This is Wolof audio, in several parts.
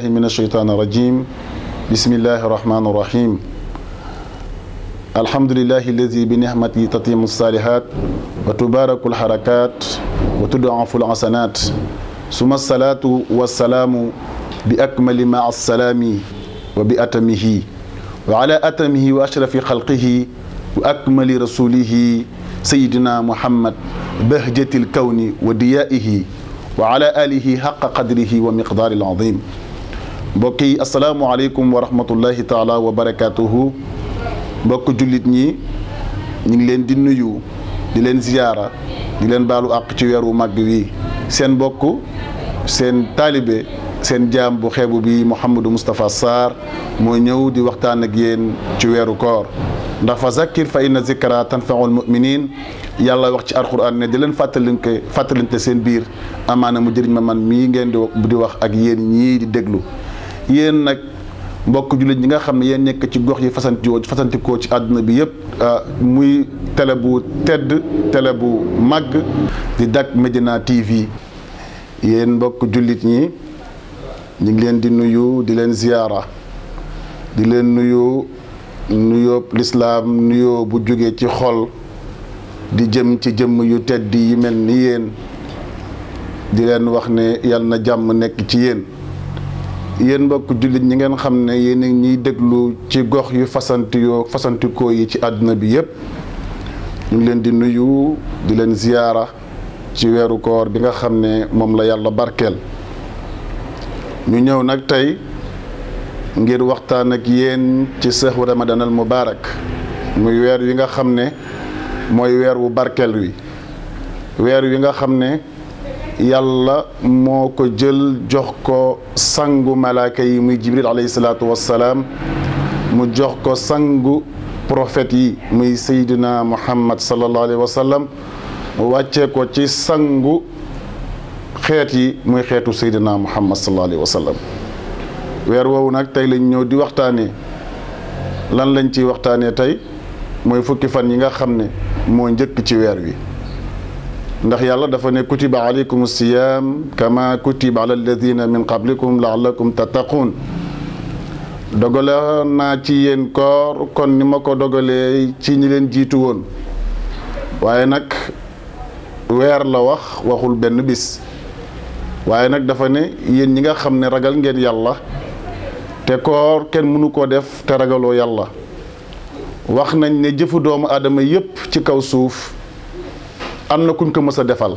بالله من الشيطان الرجيم بسم الله الرحمن الرحيم الحمد لله الذي بنعمته تتم الصالحات وتبارك الحركات وتضعف الحسنات ثم الصلاة والسلام بأكمل مع السلام وبأتمه وعلى أتمه وأشرف خلقه وأكمل رسوله سيدنا محمد بهجة الكون وديائه وعلى آله حق قدره ومقدار العظيم mbokk yi asalaamualeykum wa rahmatullahi taala wa barakaatuhu mbokk jullit ñi ñu ngi leen di nuyu di leen ziyaara di leen baalu àq ci weer wu màgg wi seen mbokk seen taalibe seen jaam bu xeebu bi Mouhamadou Moustapha Sarr moo ñëw di waxtaan ak yeen ci weeru koor ndax fa zakkir fa inna zikra tanfaul muminin yàlla wax ci alquran ne di leen fàttalinte fàttalinte seen biir amaana mu jëriñ ma man mii ngeen di wax ak yéen ñii di déglu yéen nag mbokk jullit ñi nga xam ne yéen nekk ci gox yi fasanti fasantikoo ci àdduna bi yëpp ah, muy télé bu tedd tele bu màgg di Dak Médina TV yéen mbokk jullit ñi ñu ngi leen di nuyu di leen ziyaara di leen nuyu nuyoo lislaam nuyoo bu jóge ci xol di jëm ci jëmm yu tedd yi mel ni yéen di leen wax ne yal na jàmm nekk ci yéen yeen mbokk julit ñi ngeen xamne ne ñi degglu ci gox yu fasanti yoo fasantikoo yi ci aduna bi yeb ñu ngi leen di nuyu di leen ziyara ci weeru koor bi nga xamne ne la yalla barkel ñu ñew nak tay ngir waxtaan ak yeen ci sahru ramadan al mubarak muy weer yi nga xamne ne mooy weer wu wi weer yi nga xamne yàlla moo ko jël jox ko sangu malaaka yi muy jibril alayhi salaatu wassalaam mu jox ko sangu prophète yi muy saydina muhammad sallallahu alayhi wa sallam wàccee ko ci sangu xeet yi muy xeetu saydina muhammad sallallahu alayhi weer woowu nag tey lañ ñëw di waxtaanee lan lañ ci waxtaanee tey mooy fukki fan yi nga xam ne moo njëkk ci weer wi ndax yàlla dafa ne kutiba alaykum siyaam kama kutiba ala alladina min qablikum laallakum tattaquun dogale naa ci yéen koor kon ni ma ko dogalee ci ñi leen jiitu woon waaye nag weer la wax waxul benn bis waaye nag dafa ne yéen ñi nga xam ne ragal ngeen yàlla te koor kenn mënu koo def te ragaloo yàlla wax nañ ne jëfu doomu aadama yépp ci kaw suuf amna kuñ ko mësa defal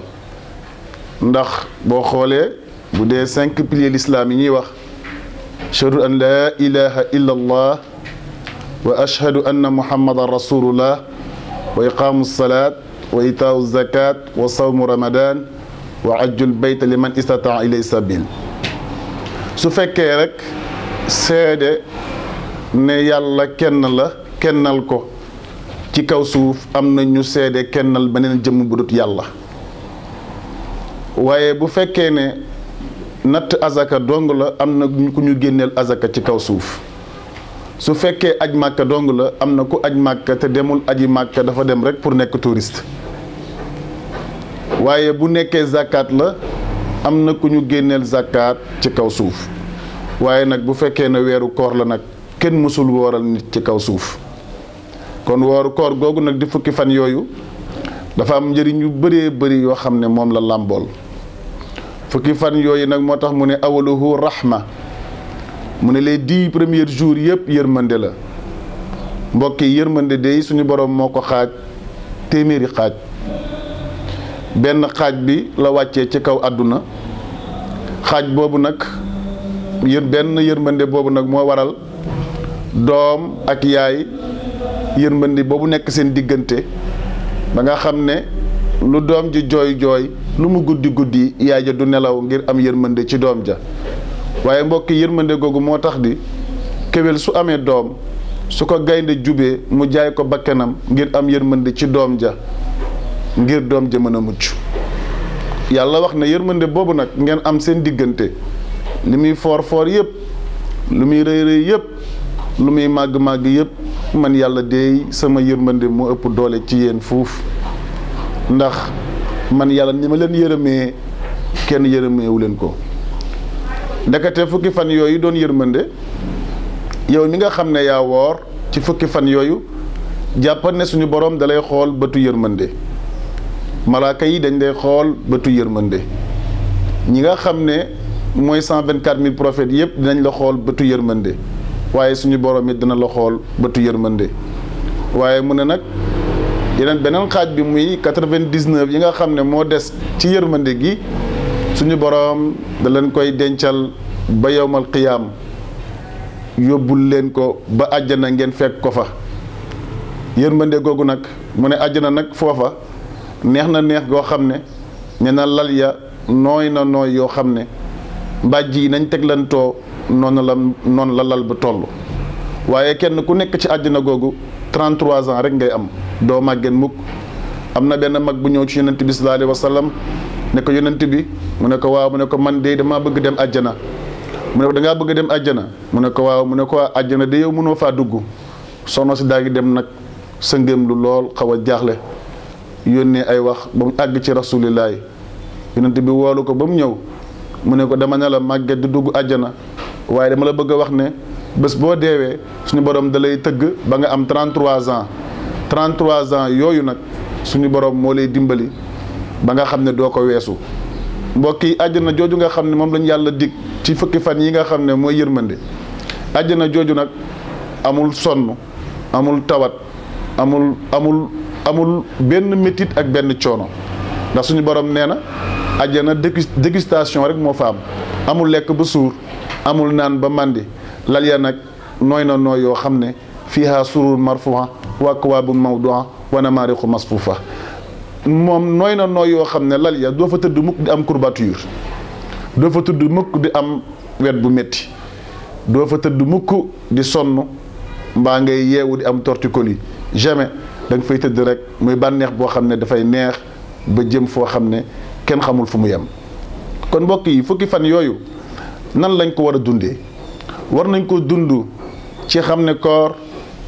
ndax bo xolé budé dee cinq piliers l'islam yi ñuy wax shahadu an la ilaha illa allah wa ashhadu anna muhammadar rasulullah wa iqaamu salaat wa itaau zakat wa sawm ramadan wa ajjul bayt liman man istataa ilay sabil su fekke rek seede ne yàlla kenn la kennal ko ci kaw suuf am na ñu seede kennal beneen jëmm bu dut yàlla waaye bu fekkee ne natt azaka dong la am na ku ñu génneel azaka ci kaw suuf su fekkee aj màkka dong la am na ku aj màkka te demul aji màkka dafa dem rek pour nekk touriste waaye bu nekkee zakat la am na ku ñu génneel zakat ci kaw suuf waaye nag bu fekkee ne weeru koor la nag kenn mësul wooral nit ci kaw suuf kon wooru koor googu nak di fukki fan yoyu dafa am njëriñ ñu beure beuri yo xamne mom la lambol fukki fan yoyu nak motax awaluhu rahma mu ne les 10 premiers jours yep yermande la mbokk yermande de suñu borom moko xaj xaaj xaj ben xaj bi la wacce ci kaw aduna xaj bobu nak ben yermande bobu nak mo waral dom ak yaay yërmandi boobu nekk seen diggante ba nga xam ne lu doom ji jooy jooy lu mu guddi guddi yaay ja du nelaw ngir am yërmande ci doom ja waaye mbokki yërmande googu moo tax di kéwél su amee doom su ko gaynde jubee mu jaay ko bakkanam ngir am yërmande ci doom ja ngir doom ja mën a mucc yàlla wax ne yërmande boobu nag ngeen am seen diggante ni muy foor foor yépp lu muy rëy rëy yépp lu muy màgg màgg yépp man yàlla deey sama yërmande mu ëpp doole ci yéen fuuf ndax man yàlla ni ma leen yërëmee kenn yërëmeewu leen ko ndekete fukki fan yooyu doon yërmande yow mi nga xam ne yaa woor ci fukki fan yooyu jàppal ne suñu borom dalay xool bëtu yërmande malaaka yi dañ lay xool bëtu yërmande ñi nga xam ne mooy cent vingt-quatre mille prophètes yëpp dinañ la xool bëtu yërmande waaye suñu borom it dina la xool bëtu yërmande waaye mu ne nag yeneen beneen xaaj bi muy quatre vingt dix yi nga xam ne moo des ci yërmande gi suñu borom da leen koy dencal ba yowmal qiyaam yóbbul leen ko ba àjjana ngeen fekk ko fa yërmande googu nag mu ne àjjana nag foofa neex na neex goo xam ne ñe na lal ya nooy na nooy yoo xam ne mbàjj yi nañ teglantoo non la non la lal bu tollu waye kenn ku nek ci aduna gogu 33 ans rek ngay am do magen muk amna ben mag bu ñew ci yonent bi sallallahu alaihi wasallam ne ko yonent bi mu ne ko waaw mu ne ko man de dama bëgg dem aljana mu ne ko nga bëgg dem aljana mu ne ko waaw mu ne ko aljana de yow mëno fa dugg sono ci daagi dem nag sëngëm lu lol xawa a jaaxle ay wax bu ag ci rasulillah bi wolu ko bam ñew mu ne ko dama na la magge du dugg aljana waaye dama la bëgg a wax ne bés boo deewee suñu borom da lay tëgg ba nga am 33 ans 33 ans yooyu nag suñu borom moo lay dimbali ba nga xam ne doo ko weesu mbokk yi àjjana jooju nga xam ne moom lañu yàlla dig ci fukki fan yi nga xam ne mooy yërmande àjjana jooju nag amul sonn amul tawat amul amul amul benn métit ak benn coono ndax suñu borom nee na àjjana dégustation rek moo fa am amul lekk ba suur amul nan ba màndi lal ya nag noy na nooy yoo xam ne surur marfuha wa kawabun mawdu'a wa namaariqu masfufa mom nooy na nooy yoo xam ne lal ya doo fa tëdd muk di am courbature do fa tëdd muk di am wet bu métti do fa tëdd muk di sonu mba ngay yewu di am torticolis jamais dang fay tëdd rek muy banex bo xamne da fay neex ba jëm fo xamne ken xamul fu mu yam kon mbokk yi fukki fan yoyu nan lañ ko wara dundé dundee war nañ ko dundu ci xamné koor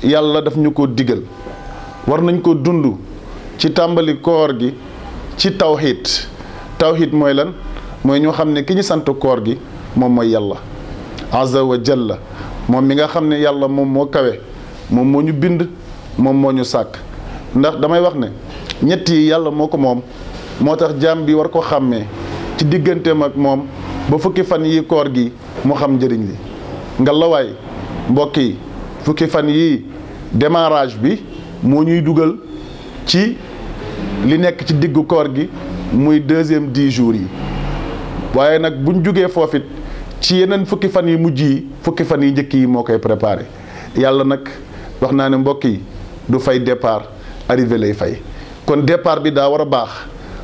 yalla daf ñu ko digal war nañ ko dundu ci tambali koor gi ci tawhid tawhid moy lan moy ñu xamné ki ñu sant koor gi mom moy yalla azza wa jalla mom mi nga xamné yalla mom mo kawé mom mo ñu bind mom mo ñu sak ndax damay wax né ñetti yalla moko mom motax moom war ko xamé ci digënté mak moom ba fukki fan yi koor gi mu xam njëriñ li nga lawaay mbokk yi fukki fan yi démarrage bi moo ñuy dugal ci li nekk ci diggu koor gi muy deuxième di jours yi waaye nag buñ jógee foofit ci yeneen fukki fan yi mujj yi fukki fan yi njëkk yi moo koy préparé yàlla nag wax naa ne mbokk yi du fay départ arrivé lay fay kon départ bi daa war a baax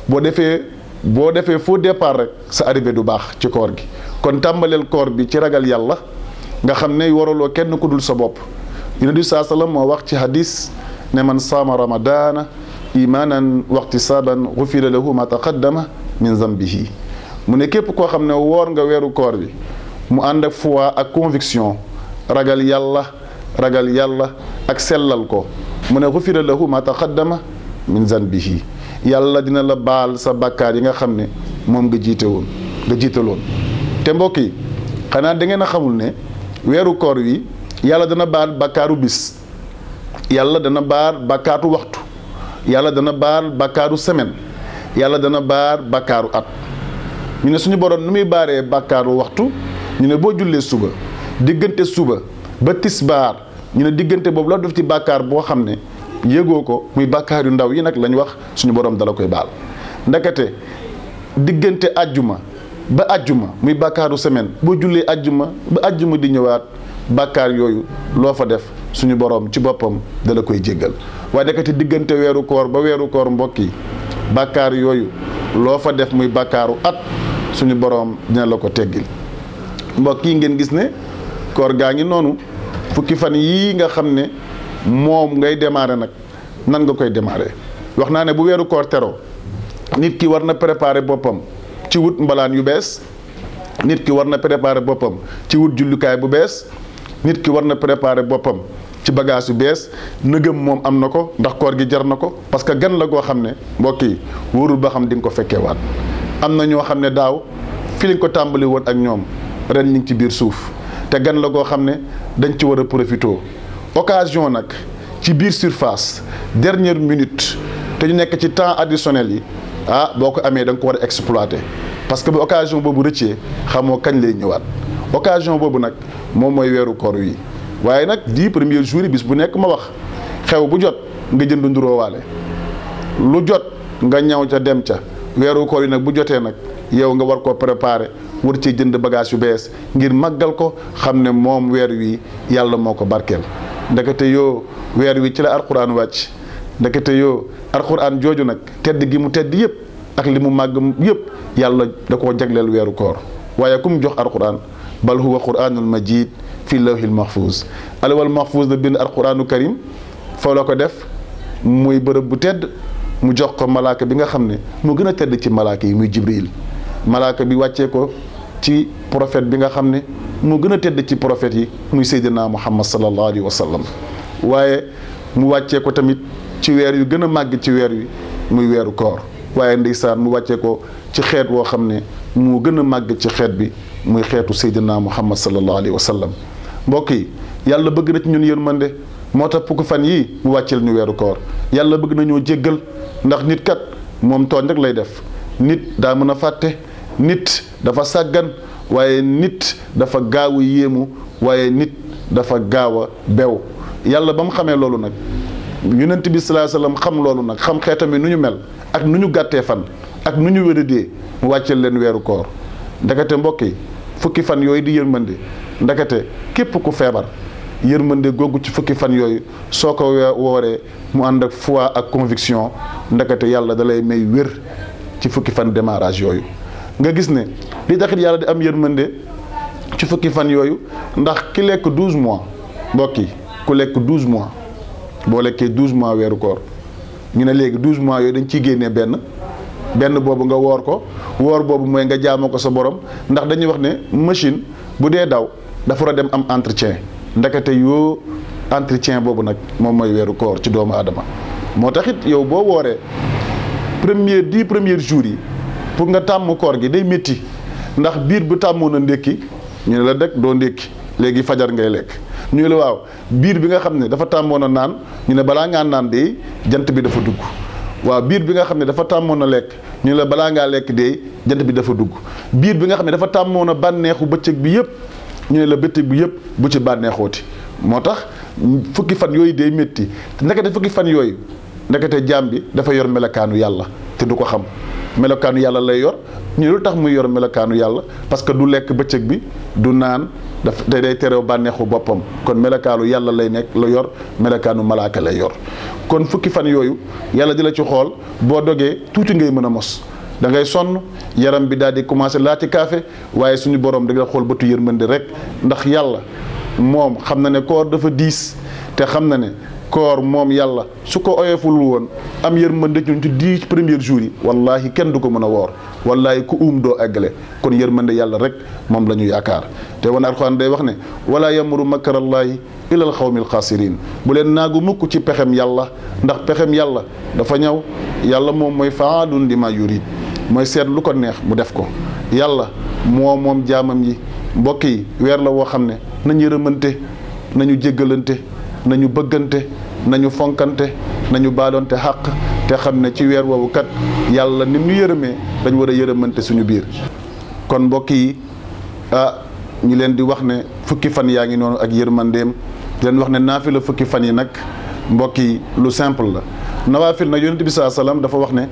boo defee bo defé faux départ rek sa arrivé du bax ci koor gi kon tambalel koor bi ci ragal yàlla nga xamné ne kenn ku dul sa bop yunus sallallahu alayhi wasallam moo wax ci hadith ne man sama ramadan imanan waxtisaaban ghufira lahu ma taqaddama min zambihi mu ne képp koo xam ne nga wéru koor bi mu ànd ak foi ak conviction ragal yàlla ragal yàlla ak selal ko mu ne gufira lahu ma taqaddama min zambihi yàlla dina la baal sa bàkkaar yi nga xam ne moom nga jiite woon nga jiitaloon te mbokk yi xanaa da ngeen a xamul ne weeru koor wi yàlla dana baal bàkkaaru bis yàlla dana baal bàkkaaru waxtu yàlla dana baal bàkkaaru semaine yàlla dana baal bàkkaaru at ñu ne suñu borom nu muy baaree bàkkaaru waxtu ñu ne boo jullee suba diggante suba ba tisbaar ñu ne diggante boobu la def ci bàkkaar boo xam ne yëgoo ko muy bàkkaar yu ndaw yi nag lañ wax suñu borom dala koy baal ndekete diggante àjjuma ba àjjuma muy bàkkaaru semaine boo jullee àjjuma ba àjjuma di ñëwaat bàkkaar yooyu loo fa def suñu boroom ci boppam dala koy jéggal waaye ndekete diggante weeru koor ba weeru koor mbokk yi bàkkaar yooyu loo fa def muy bakkaaru at suñu boroom dina la ko teggil mbokk yi ngeen gis ne koor gaa ngi noonu fukki fan yi nga xam ne moom ngay démarrer nag nan nga koy démarrer wax naa ne bu weeru koor tero nit ki war na préparer boppam ci wut mbalaan yu bees nit ki war na préparer boppam ci wut bu bees nit ki war na préparer boppam ci bagage yu bees nëgëm moom am na ko ndax koor gi jar na ko parce que gan la goo xam ne mbokk yi wóorul ba xam di nga ko fekkeewaat am na ñoo xam ne daaw fi lañ ko tàmbali woon ak ñoom ren ñu ngi ci biir suuf te gan la goo xam ne dañ ci war a profitoo occasion nag ci biir surface dernière minute te ñu nekk ci temps additionnel yi ah boo ko amee da nga ko war a exploité parce que bu occasion boobu rëccee xamoo kañ lay ñëwaat occasion boobu nag moom mooy weeru koor wi waaye nag di premiers jours bis bu nekk ma wax xew bu jot nga jënd nduróowaale lu jot nga ñaw ca dem ca weeru koor yi nag bu jotee nag yow nga war koo préparer war cee jënd bagage yu bees ngir màggal ko xam ne moom weer wi yàlla moo ko barkeel ndekete yoo weer wi ci la alquran wàcc ndekete yoo alquran jooju nag tedd gi mu tedd yëpp ak li mu màgg yëpp yàlla da koo jagleel weeru koor waaye ku mu jox alquran bal huwa quranul majid fi lawhil mahfuz alawal mahfuz la bind alquranu karim foo ko def muy bërëb bu tedd mu jox ko malaaka bi nga xam ne mu gën a tedd ci malaaka yi muy jibril malaaka bi wàccee ko ci prophète bi nga xam ne mu gën a tedd ci prophète yi muy seydina muhammad sallallahu alayhi wa sallam waaye mu wàccee ko tamit ci weer yu gën a màgg ci weer wi muy weeru koor waaye ndeysaan mu wàccee ko ci xeet woo xam ne mu gën a màgg ci xeet bi muy xeetu seydina muhammad sallallahu alayhi wa sallam mbokk yi yàlla bëgg na ci ñun yërmande moo tax fukki fan yii mu wàcceel ñu weeru koor yàlla bëgg nañoo jéggal ndax nit kat moom tooñ rek lay def nit daa mën a fàtte nit dafa sàggan waaye nit dafa gaaw a yéemu waaye nit dafa gaaw a bew yàlla ba mu xamee loolu nag yonent bi salaa salaam xam loolu nag xam xeetami nu ñu mel ak nu ñu gàttee fan ak nu ñu wéradee mu wàccee leen weeru koor ndakate mbokk yi fukki fan yooyu di yërmande ndakate képp ku feebar yërmande googu ci fukki fan yooyu soo ko wooree mu ànd ak foi ak conviction ndekete yàlla dalay may wér ci fukki fan démarrage yooyu nga gis ne li taxit yàlla di am mën yërmande ci fukki fan yooyu ndax ki lekk douze mois mbokk yi ku lekk douze mois boo lekkee douze mois weeru koor ñu ne léegi douze mois yooyu dañ ciy génnee benn benn boobu nga woor ko woor boobu mooy nga jaamoo ko sa borom ndax dañuy wax ne machine bu dee daw dafa war a dem am entretien ndekete yoo entretien boobu nag moom mooy weeru koor ci doomu aadama moo taxit yow boo wooree premier di première jours yi pour nga tàmm koor gi day métti ndax biir bu tàmmoon a ndékki ñu ne la dëkk doo ndékki léegi fajar ngay lekk ñu ne la waaw biir bi nga xam ne dafa tàmmoon a naan ñu ne balaa ngaa naan de jant bi dafa dugg waaw biir bi nga xam ne dafa tàmmoon a lekk ñu ne la balaa ngaa lekk de jant bi dafa dugg biir bi nga xam ne dafa tàmmoon a bànneexu bëccëg bi yëpp ñu ne la bëccëg bi yëpp bu ci bànneexooti moo tax fukki fan yooyu day métti ndekete fukki fan yooyu ndekete jaam bi dafa yor melokaanu yàlla te du ko xam melokaanu yàlla lay yor ñu lu tax muy yor melokaanu yàlla parce que du lekk bëccëg bi du naan daf day day terew bànneexu boppam kon melokaanu yàlla lay nekk la yor melokaanu malaaka lay yor kon fukki fan yooyu yàlla di la ci xool boo dogee tuuti ngay mën a mos da ngay sonn yaram bi daal di commencé laati kaafe waaye suñu borom da nga xool bëtu yërmande rek ndax yàlla moom xam na ne koor dafa diis te xam na ne koor moom yàlla su ko oyoful woon am yërmande ñun ci dix premiers jours yi wallaahi kenn du ko mën a woor wallaahi ku uum doo eggale kon yërmande yàlla rek moom la yaakaar te wane alxuraan day wax ne wala yamuru makarallaahi ila al xawmi alxaasiriin bu leen naagu mukk ci pexem yàlla ndax pexem yàlla dafa ñaw yàlla moom mooy faalun lima yurid mooy seet lu ko neex mu def ko yàlla moo moom jaamam yi mbokk yi weer la woo xam ne nañu yërëmante nañu jéggalante nañu bëggante nañu fonkante nañu baaloonte xàq te xam ne ci weer woowu kat yàlla ni ñu yërëmee dañ war a yërëmante suñu biir kon mbokk yi ah ñi leen di wax ne fukki fan yaa ngi noonu ak yërmandeem di leen wax ne naafila fukki fan yi nag mbokk yi lu simple la na waa fi nag yonent bi saa salaam dafa wax ne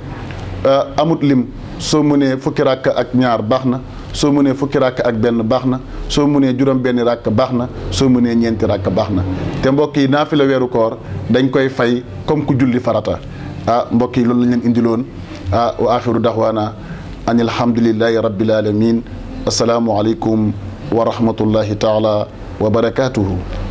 amut lim soo mënee fukki ràkk ak ñaar baax na soo mënee fukki ràkk ak benn baax na soo mënee juróom benn ràkk baax na soo mënee ñeenti ràkk baax na te mbokk yi naafila weeru koor dañ koy fay comme ku julli farata ah mbokk yi loolu lañ leen indiloon ah wa axiru daxwaana an alhamdulillahi rabbil alamin asalaamu aleykum wa rahmatullahi taala wa barakatuhu